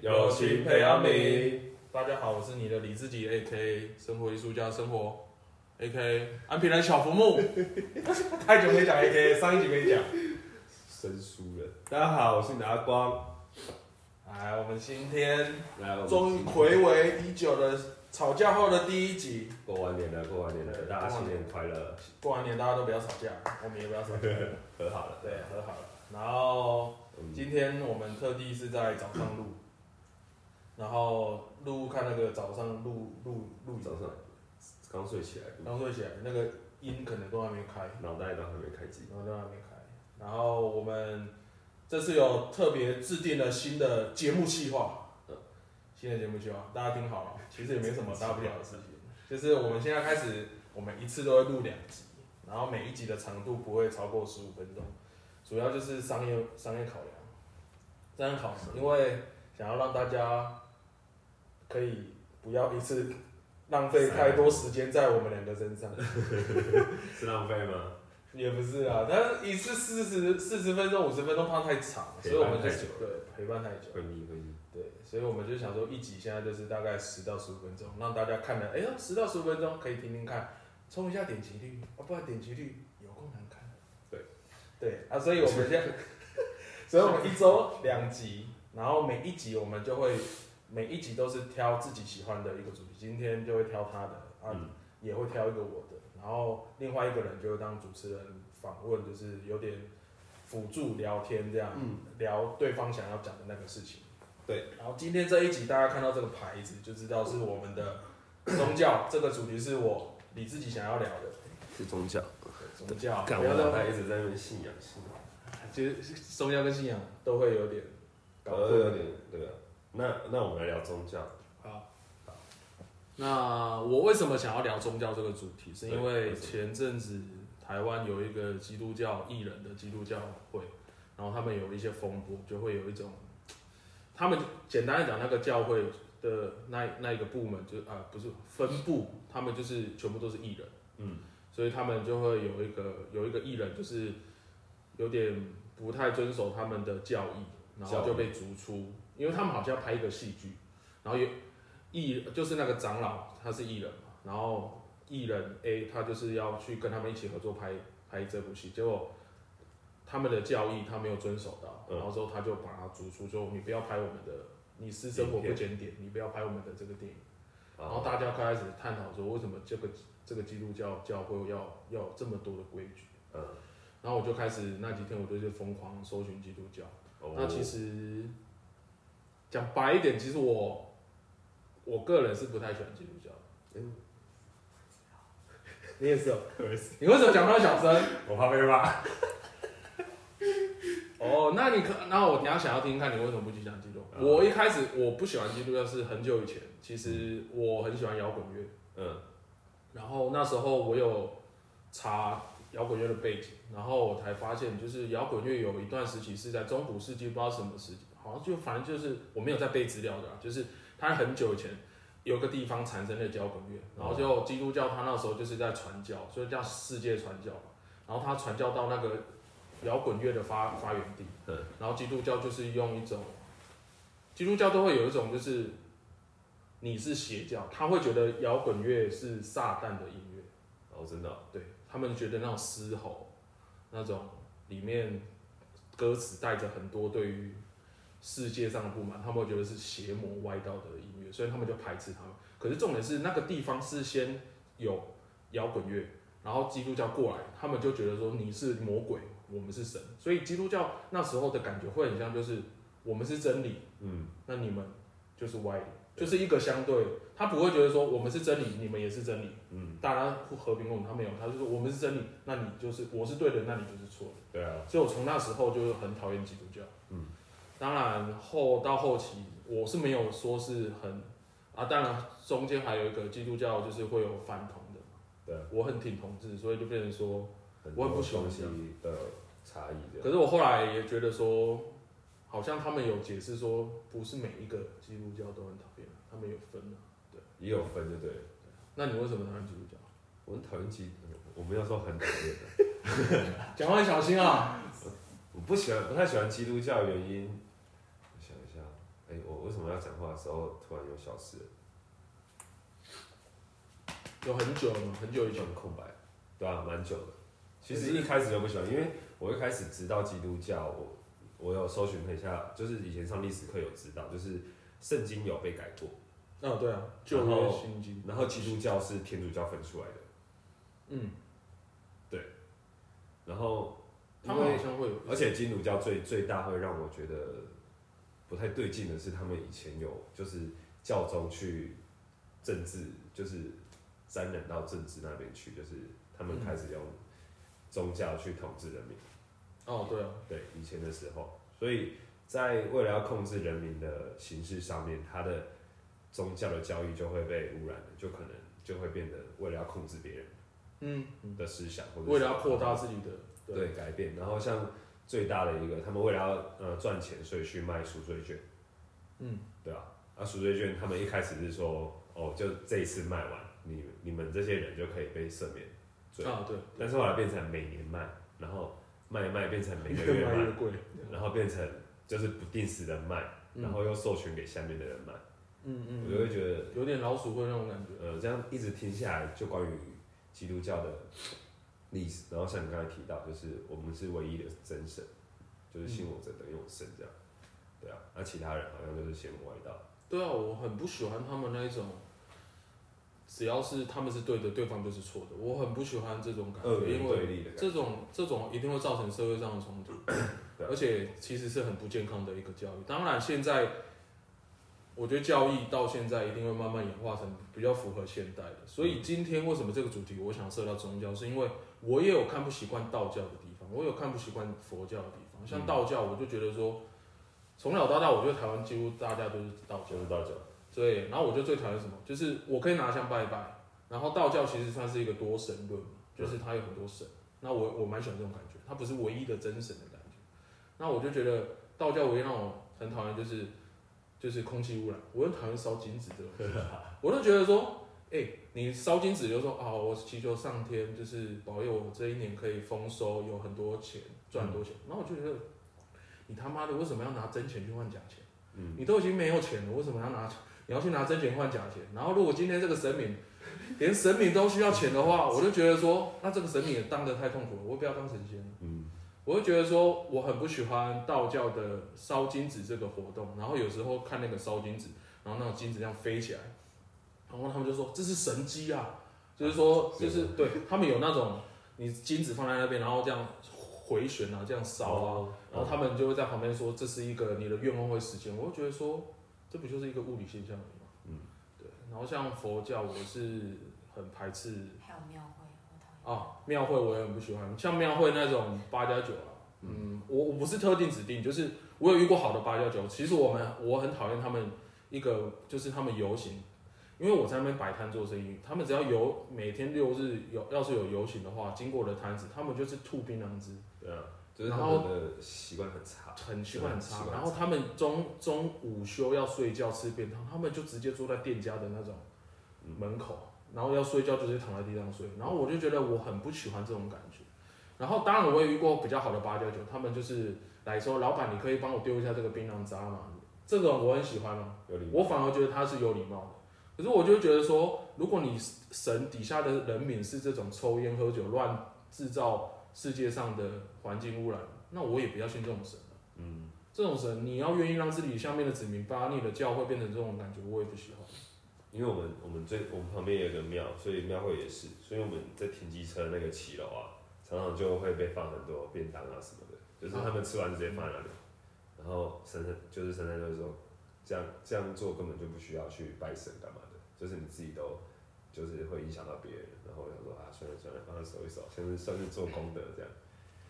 友情培養皿，大家好，我是你的李自己 AK 生活藝術家，生活，AK 安平的小福木， 太久沒講 AK，上一集沒講，生疏了。大家好，我是你的阿光。來我們今天終於暌違已久的吵架後的第一集，過完年了，過完年了，大家新年快樂。過完年大家都不要吵架，我們也不要吵架， 和好了。對，和好了。然後今天我們特地是在早上錄。嗯 然後錄看那個早上錄錄錄，早上剛睡起來，剛睡起來，那個音可能都還沒開，腦袋都還沒開機，腦袋還沒開。然後我們這次有特別制定了新的節目計劃，嗯、新的節目計劃，大家聽好了，其實也沒什麼大不了的事情， 就是我們現在開始，我們一次都會錄兩集，然後每一集的長度不會超過十五分鐘，主要就是商業商業考量，這樣考，因為想要讓大家。可以不要一次浪費太多時間在我們兩個身上，是浪費嗎？ 也不是啊，他一次四十四十分鐘、五十分鐘放太長，所以我們就對陪伴太久了，會膩會膩，對，所以我們就想說一集現在就是大概十到十五分鐘，讓大家看了，哎呦，十到十五分鐘可以聽聽看，衝一下點擊率哦、啊，不然，點擊率有夠難看。對對啊，所以我們現在， 所以我們一周兩集，然後每一集我們就會。每一集都是挑自己喜歡的一個主題，今天就會挑他的，啊，嗯、也會挑一個我的，然後另外一個人就會當主持人訪問，就是有點輔助聊天這樣，嗯、聊對方想要講的那個事情。對，然後今天這一集大家看到這個牌子就知道是我們的宗教、嗯、這個主題是我你自己想要聊的，是宗教，對宗教，不要讓他牌子在那邊信仰信仰，就是其實宗教跟信仰都會有點搞會有點、嗯、對。那那我們來聊宗教。好，好。那我為什麼想要聊宗教這個主題？是因為前陣子台灣有一個基督教藝人的基督教會，然後他們有一些風波，就會有一種，他們簡單的講，那個教會的那那一個部門就，就、呃、啊不是分部，他們就是全部都是藝人，嗯，所以他們就會有一個有一個藝人，就是有點不太遵守他們的教義，然後就被逐出。因為他們好像要拍一個戲劇，然後有藝就是那個長老，他是藝人嘛，然後藝人 A 他就是要去跟他們一起合作拍拍這部戲，結果他們的教義他沒有遵守到，嗯、然後之後他就把他逐出，說你不要拍我們的，你私生活不檢點，你不要拍我們的這個電影。然後大家開始探討說，為什麼這個這個基督教教會要要有這麼多的規矩、嗯？然後我就開始那幾天我就是瘋狂搜尋基督教、哦，那其實。講白一點，其實我，我個人是不太喜歡基督教。嗯， 你也是？喔， 你為什麼講那麼小聲？我怕被罵。哦，那你可，那我等下想要聽聽看你為什麼不去講基督教？我一開始我不喜歡基督教是很久以前，其實我很喜歡搖滾樂，嗯，然後那時候我有查搖滾樂的背景，然後我才發現，就是搖滾樂有一段時期是在中古世紀，不知道什麼時期。然後就反正就是我沒有在背資料的，啊，就是他很久以前有個地方產生了搖滾樂，然後就基督教它那時候就是在傳教，所以叫世界傳教。然後他傳教到那個搖滾樂的發發源地，然後基督教就是用一種，基督教都會有一種就是你是邪教，他會覺得搖滾樂是撒旦的音樂。哦，真的，對，他們覺得那種嘶吼那種裡面歌詞帶着很多對於。世界上的不滿，他們會覺得是邪魔歪道的音樂，所以他們就排斥他們。可是重點是，那個地方是先有搖滾樂，然後基督教過來，他們就覺得說你是魔鬼，我們是神。所以基督教那時候的感覺會很像，就是我們是真理，嗯，那你們就是歪理，就是一個相對。他不會覺得說我們是真理，你們也是真理，嗯，大家和平共處，他沒有，他就說我們是真理，那你就是我是對的，那你就是錯的，對啊。所以我從那時候就很討厭基督教。當然，後到後期我是沒有說是很啊，當然中間還有一個基督教，就是會有反同的。對，我很挺同志，所以就變成說很我很不喜歡東西的差異的。可是我後來也覺得說，好像他們有解釋說，不是每一個基督教都很討厭，他們有分、啊、對，也有分就對，對，對。那你為什麼討厭基督教？我很討厭基督、嗯，我沒有說很討厭的，講 話小心啊。我，我不喜歡，不太喜歡基督教的原因。我為什麼要講話的時候突然又消失了？有很久了，很久以前的空白，對啊，蠻久的。其實一開始就不喜歡，因為我一開始知道基督教，我，我有搜尋了一下，就是以前上歷史課有知道，就是聖經有被改過。嗯，啊對啊，舊約聖經然。然後基督教是天主教分出來的。嗯，對。然後他們互相會有，而且基督教最最大會讓我覺得。不太對勁的是，他們以前有就是教宗去政治，就是沾染到政治那邊去，就是他們開始用宗教去統治人民，嗯。哦，對啊。對，以前的時候，所以在為了要控制人民的形式上面，他的宗教的教育就會被污染了，就可能就會變得為了要控制別人的思想，嗯，或者想為了要擴大自己的對，對改變，然後像最大的一個，他們為了要呃賺錢，所以去賣贖罪券，嗯，對啊，啊贖罪券他們一開始是說，哦就這一次賣完，你你們這些人就可以被赦免罪，啊、對，對，但是後來變成每年賣，然後賣一賣變成每個月賣，對然後變成就是不定時的賣，嗯，然後又授權給下面的人賣，嗯嗯，我就會覺得有點老鼠會那種感覺，嗯、呃，這樣一直聽下來就關於基督教的歷史，然後像你剛才提到，就是我們是唯一的真神，就是信我者得永生這樣、嗯，對啊。那其他人好像就是邪魔歪道。對啊，我很不喜歡他們那一種，只要是他們是對的，對方就是錯的。我很不喜歡這種感覺，對的感覺因為這種這種一定會造成社會上的衝突 對、啊，而且其實是很不健康的一個教育。當然，現在我覺得教育到現在一定會慢慢演化成比較符合現代的。所以今天為什麼這個主題我想設到宗教，嗯、是因為。我也有看不習慣道教的地方，我也有看不習慣佛教的地方。像道教，我就覺得說，從、嗯、小到大，我覺得台灣幾乎大家都是道教的。就是道教。對，然後我就最討厭什麼，就是我可以拿香拜拜。然後道教其實算是一個多神論，就是它有很多神。嗯、那我我蠻喜歡這種感覺，它不是唯一的真神的感覺。那我就覺得道教唯一讓我很討厭就是就是空氣汙染，我又討厭燒金紙這種， 我都覺得說。哎、欸，你燒金紙就說啊，我祈求上天就是保佑我這一年可以豐收，有很多錢賺很多錢、嗯。然後我就覺得，你他媽的為什麼要拿真錢去換假錢、嗯？你都已經沒有錢了，為什麼要拿你要去拿真錢換假錢？然後如果今天這個神明連神明都需要錢的話、嗯，我就覺得說，那這個神明也當得太痛苦了，我也不要當神仙了、嗯。我就覺得說，我很不喜歡道教的燒金紙這個活動。然後有時候看那個燒金紙，然後那種金紙這樣飛起來。然後他們就說這是神機啊，就是說就是對他們有那種你金子放在那邊，然後這樣回旋啊，這樣燒啊，然後他們就會在旁邊說這是一個你的願望會實現。我就覺得說這不就是一個物理現象嗎？嗯，對。然後像佛教，我是很排斥。還有廟會，啊，啊，廟會我也很不喜歡。像廟會那種八加九啊，嗯，我我不是特定指定，就是我有遇過好的八加九。其實我們我很討厭他們一個就是他們遊行，因為我在那邊擺攤做生意，他們只要有每天六日有要是有遊行的話，經過我的攤子，他們就是吐檳榔汁。對啊，就是他們的習慣很差。很習慣很差。然後他們中中午休要睡覺吃便當，他們就直接坐在店家的那種門口，嗯、然後要睡覺就直接躺在地上睡。然後我就覺得我很不喜歡這種感覺。然後當然我也遇過比較好的八家將，他們就是來說老板，你可以幫我丟一下這個檳榔渣嗎？這種、個、我很喜歡哦、喔。有禮貌，我反而覺得他是有禮貌的。可是我就覺得說，如果你神底下的人民是這種抽烟喝酒亂製造世界上的環境污染，那我也不要信這種神了。嗯，這種神你要願意讓自己下面的子民把你的教會變成這種感覺，我也不喜歡。因為我們我們這，我們旁邊有個廟，所以廟會也是，所以我們在停機車那個騎樓啊，常常就會被放很多便當啊什麼的，啊，就是他們吃完直接放在那裡，嗯嗯，然後神神就是神在說，這樣這樣做根本就不需要去拜神幹嘛。就是你自己都，就是會影響到別人，然後想說啊，算了算了，幫他守一守，算是算是做功德這樣。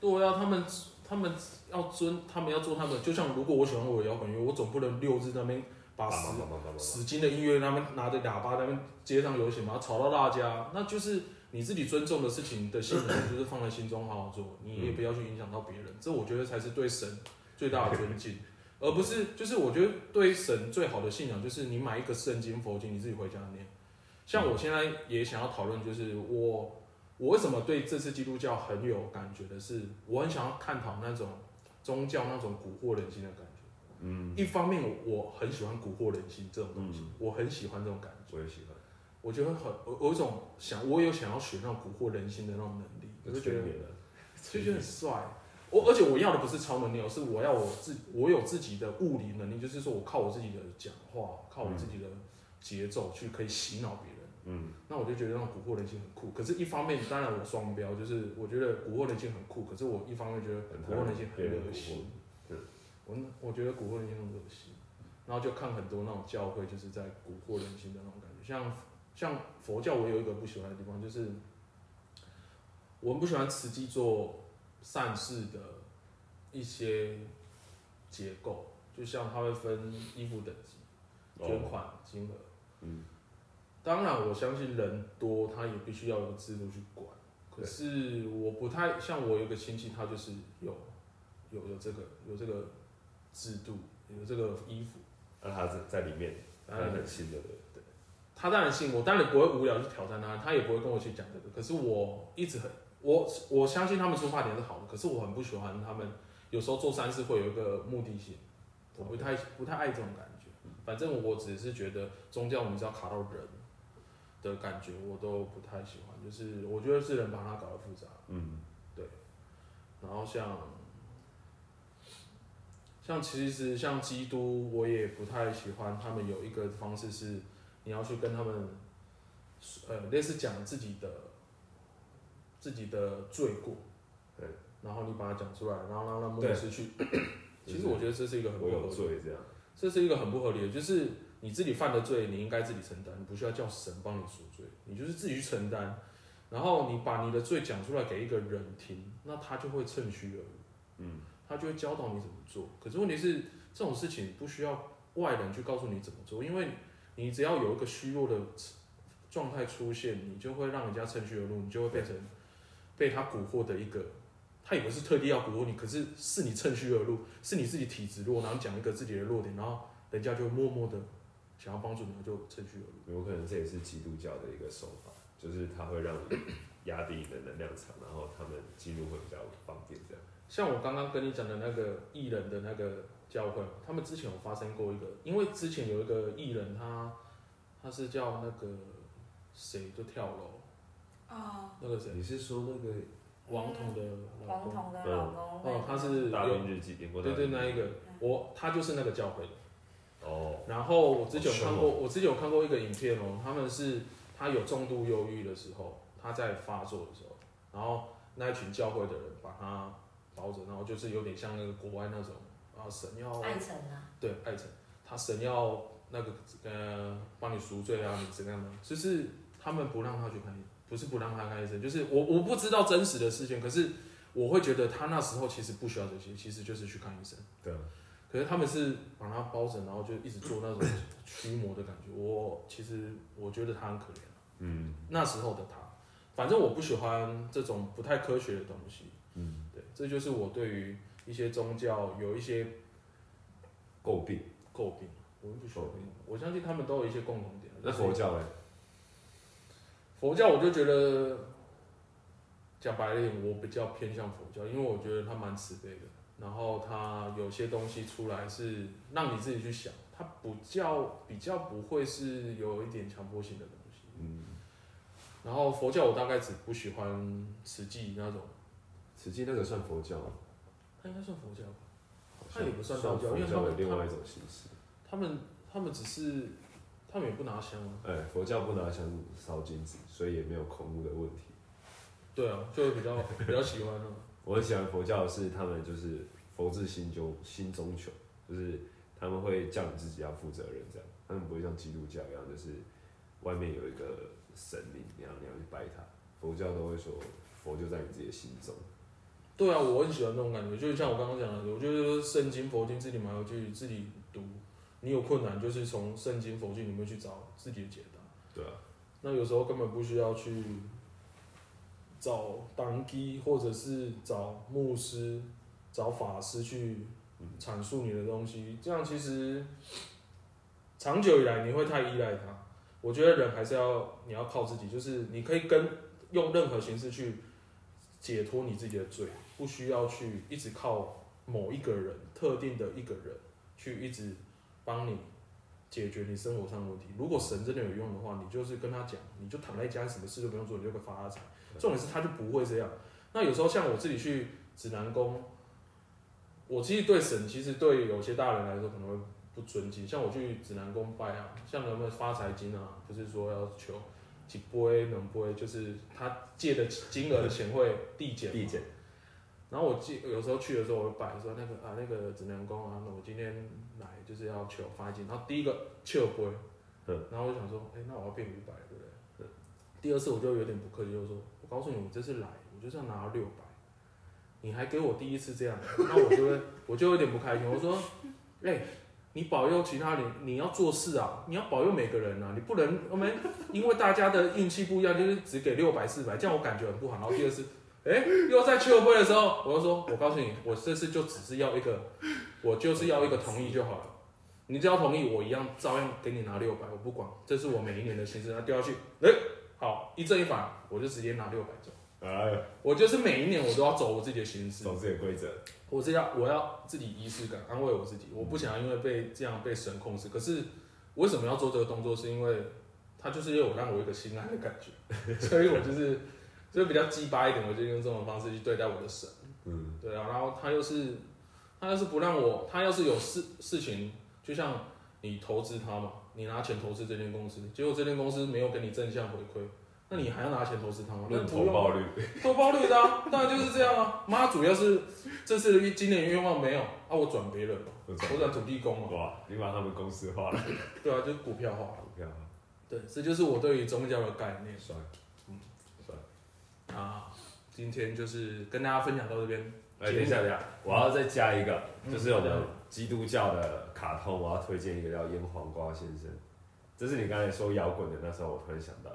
對呀、啊、他們他們要尊，他們要做他們，就像如果我喜歡我的搖滾樂，我總不能六日那邊把死死勁、啊啊啊啊啊啊啊啊、的音樂那邊拿着喇叭那邊街上遊行吧，把它吵到大家，那就是你自己尊重的事情的性能，就是放在心中好好做，嗯、你也不要去影響到別人，這我覺得才是對神最大的尊敬。 而不是，就是我覺得對神最好的信仰，就是你買一個聖經、佛經，你自己回家念。像我現在也想要討論，就是我我為什麼對這次基督教很有感覺的，是我很想要探討那種宗教那種蠱惑人心的感覺。嗯，一方面我，我很喜歡蠱惑人心這種東西，我很喜歡這種感覺。我也喜歡。我覺得很我有一種想，我有想要學那種蠱惑人心的那種能力，我就覺得，所以就很帥。我而且我要的不是超能力，而是我要我自我有自己的物理能力，就是說我靠我自己的講話，靠我自己的節奏去可以洗腦別人。嗯，那我就覺得那種蠱惑人心很酷。可是，一方面當然我雙標，就是我覺得蠱惑人心很酷，可是我一方面覺得蠱惑人心很噁心。對、嗯嗯，我我覺得蠱惑人心很噁心、嗯。然後就看很多那種教會，就是在蠱惑人心的那種感覺。像像佛教，我有一個不喜歡的地方，就是我們不喜歡慈濟做善事的一些結構，就像他會分衣服等級、oh. 捐款金額、嗯。當然我相信人多，他也必須要有個制度去管。可是我不太像我有個親戚，他就是有有有，有這個有這個制度，有這個衣服。啊、他在在裡面，當然很信的對。對。他當然信我，我當然不會無聊去挑戰他，他也不會跟我去講這個。可是我一直很。我我相信他們出發點是好的，可是我很不喜歡他們有時候做善事會有一個目的性，我不太不太愛這種感覺。反正我只是覺得宗教，我們只要卡到人的感覺，我都不太喜歡。就是我覺得是人把它搞得複雜，嗯，對。然後像像其實像基督，我也不太喜歡他們有一個方式是你要去跟他們，呃，類似講自己的。自己的罪過，對，然後你把它講出來，然後讓他們失去。 其實我覺得這是一個很不合理的。我有罪這樣。這，這是一個很不合理的，就是你自己犯的罪，你應該自己承擔，你不需要叫神幫你贖罪，你就是自己去承擔。然後你把你的罪講出來給一個人聽，那他就會趁虛而入，嗯，他就會教導你怎麼做。可是問題是這種事情不需要外人去告訴你怎麼做，因為你只要有一個虛弱的狀態出現，你就會讓人家趁虛而入，你就會變成。被他蠱惑的一個，他以為是特地要蠱惑你，可是是你趁虛而入，是你自己體質弱，然後講一個自己的弱點，然後人家就默默的想要幫助你，就趁虛而入。有可能這也是基督教的一個手法，就是他會讓你壓低你的能量場，然後他們基督會比較方便這樣。像我剛剛跟你講的那個藝人的那個教會，他們之前有發生過一個，因為之前有一個藝人他、他他是叫那個誰就跳樓。哦、oh,，那個誰，你是說那個王瞳的王瞳的老公？哦、嗯嗯嗯嗯，他是《大病日記》點過對對那一個，嗯、我他就是那個教會的哦。Oh, 然後我之前有看過，oh, sure. 我之前有看過一個影片哦、喔，他們是他有重度憂鬱的時候，他在發作的時候，然後那一群教會的人把他包着，然後就是有點像那個國外那種啊，神要艾成啊，對艾成，他神要那個呃幫你贖罪啊，你怎樣的、啊，就是他們不讓他去拍。不是不讓他看醫生，就是我我不知道真實的事情，可是我會覺得他那時候其實不需要這些，其實就是去看醫生。對。可是他們是把他包着，然後就一直做那種驅魔的感覺。我其實我覺得他很可憐，啊。嗯。那時候的他，反正我不喜歡這種不太科學的東西。嗯，對，這就是我對於一些宗教有一些詬病。詬病，我不喜歡。我相信他們都有一些共同點。那佛教嘞？佛教我就覺得，講白一點，我比較偏向佛教，因為我覺得它蠻慈悲的。然後它有些東西出來是讓你自己去想，它不叫，比較不會是有一點強迫性的東西。嗯。然後佛教我大概只不喜歡慈濟那種。慈濟那個算佛教嗎？他應該算佛教吧。他也不算道教，因為他有另外一種形式。他們，他們，他們，他們只是。他們也不拿香，啊，哎，欸，佛教不拿香燒金子，所以也沒有恐怖的問題。對啊，就會比較比較喜歡 我很喜歡佛教是，是他們就是佛治心中心中求，就是他們會叫你自己要負責任這樣。他們不會像基督教一樣，就是外面有一個神靈，然後你要去拜他。佛教都會說佛就在你自己的心中。對啊，我很喜歡這種感覺，就是像我剛剛講的，我就是聖經佛經自己買回去自己讀。你有困難，就是從聖經佛經裡面去找自己的解答。對啊，那有時候根本不需要去找當機，或者是找牧師、找法師去闡述你的東西。這樣其實長久以來你會太依賴他。我覺得人還是要你要靠自己，就是你可以跟用任何形式去解脫你自己的罪，不需要去一直靠某一個人、特定的一個人去一直。幫你解決你生活上的問題。如果神真的有用的話，你就是跟他講，你就躺在家，什麼事都不用做，你就會發大財。重點是他就不會這樣。那有時候像我自己去指南宮，我自己對神，其實對有些大人來說可能會不尊敬。像我去指南宮拜啊，像人們發財金啊？就是說要求幾倍能倍，就是他借的金額的錢會遞減。 遞減。然後我記有時候去的時候，我擺的時候，我就擺說那個啊那個指南宮啊，那我今天來就是要求發金。然後第一個撤回，然後我想說，哎，那我要變五百，對不對，嗯？第二次我就有點不客氣，我說，我告訴你，我這次來，我就是要拿拿六百，你還給我第一次這樣，那我就我就有點不開心。我說，誒，你保佑其他人，你要做事啊，你要保佑每個人啊，你不能我們因為大家的運氣不一樣，就是只給六百四百，這樣我感覺很不好。然後第二次。哎、欸，又在聚會的時候，我就說，我告訴你，我這次就只是要一個，我就是要一個同意就好了。你只要同意，我一樣照樣給你拿六百，我不管，這是我每一年的薪資。那掉下去，哎、欸，好，一正一反，我就直接拿六百走。哎、啊，我就是每一年我都要走我自己的心思，走自己的規則。我是要，我要自己儀式感，安慰我自己，我不想要因為被這樣被神控制、嗯。可是為什麼要做這個動作？是因為他就是要讓我一個心安的感覺， 所以我就是。所以比較雞巴一點，我就用這種方式去對待我的神。嗯，對啊，然後他又是，他要是不讓我，他要是有事事情，就像你投資他嘛，你拿錢投資這間公司，結果這間公司沒有給你正向回饋，那你還要拿錢投資他嗎？那投報率，投報率啊， 當然就是這樣啊。媽主要是這次願今年願望沒有啊，我轉，我轉別了，我轉土地工嘛。對，你把他們公司化了。對啊，就是股票化了。股票化、啊。對，這就是我對於宗教的概念。啊，今天就是跟大家分享到這邊。哎，等一下，等一下，我要再加一個，嗯、就是我們基督教的卡通，我要推薦一個叫醃黃瓜先生。這是你剛才說搖滾的那時候，我突然想到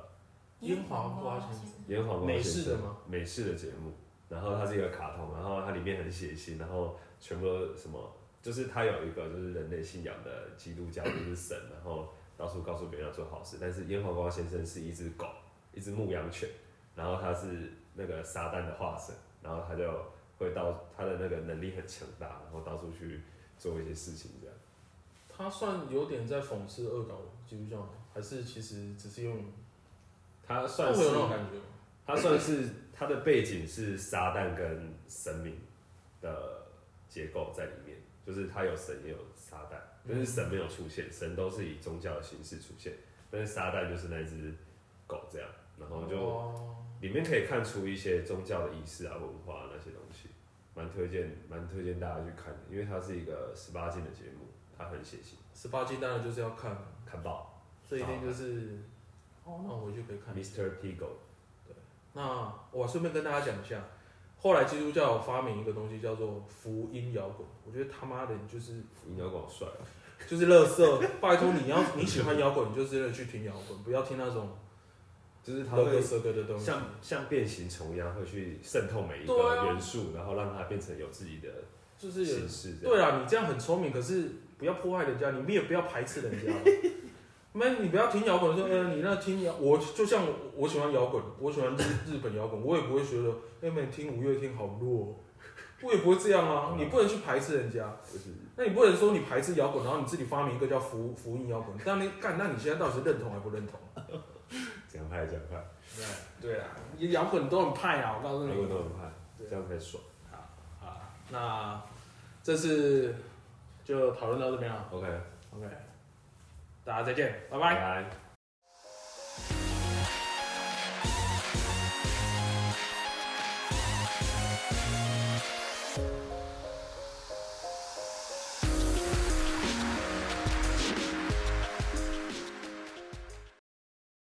醃黃瓜先生。醃黃瓜先生美式的嗎？美式，美式的節目，然後它是一個卡通，然後它裡面很血腥，然後全部都什麼，就是它有一個就是人類信仰的基督教就是神、嗯，然後到處告訴別人要做好事，但是醃黃瓜先生是一只狗，一只牧羊犬。然後他是那個撒旦的化身，然後他就會到他的那個能力很強大，然後到處去做一些事情這樣。他算有點在諷刺惡搞基督教，還是其實只是用？他算是有有，他算是他的背景是撒旦跟神明的結構在裡面，就是他有神也有撒旦，但、就是神沒有出現，神都是以宗教的形式出現，但是撒旦就是那隻狗這樣。然後就裡面可以看出一些宗教的儀式啊、oh. 文化、啊、那些東西，蠻推薦蠻推薦大家去看的，因為它是一個十八禁的節目，它很血腥。十八禁當然就是要看看爆，這一天就是哦，oh, 那我就可以看。Mr. Tigo，對。那我順便跟大家講一下，後來基督教有發明一個東西叫做福音搖滾，我覺得他媽的就是福音搖滾好帥，就是垃圾。 拜托，你要你喜歡搖滾，你就直接去聽搖滾，不要聽那種。就是它會像像變形蟲一樣，會去滲透每一個元素、啊，然後讓它變成有自己的這樣就是形式。對啊，你這樣很聰明，可是不要迫害人家，你也不要排斥人家。沒， 你不要聽搖滾說，呃、欸，你那聽搖，我就像我，我喜歡搖滾，我喜歡日日本搖滾，我也不會覺得妹妹聽五月天好弱， 我也不會這樣啊。你不能去排斥人家，嗯、那你不能說你排斥搖滾，然後你自己發明一個叫福福音搖滾，但那你幹？那你現在到底是認同還不認同？講派講派，對對啊，搖滾都很派啊！我告訴你，搖滾都很派，對，這樣才爽。好，好，那這次就討論到這邊了。OK，OK，OK，OK，大家再見，拜拜。Bye-bye.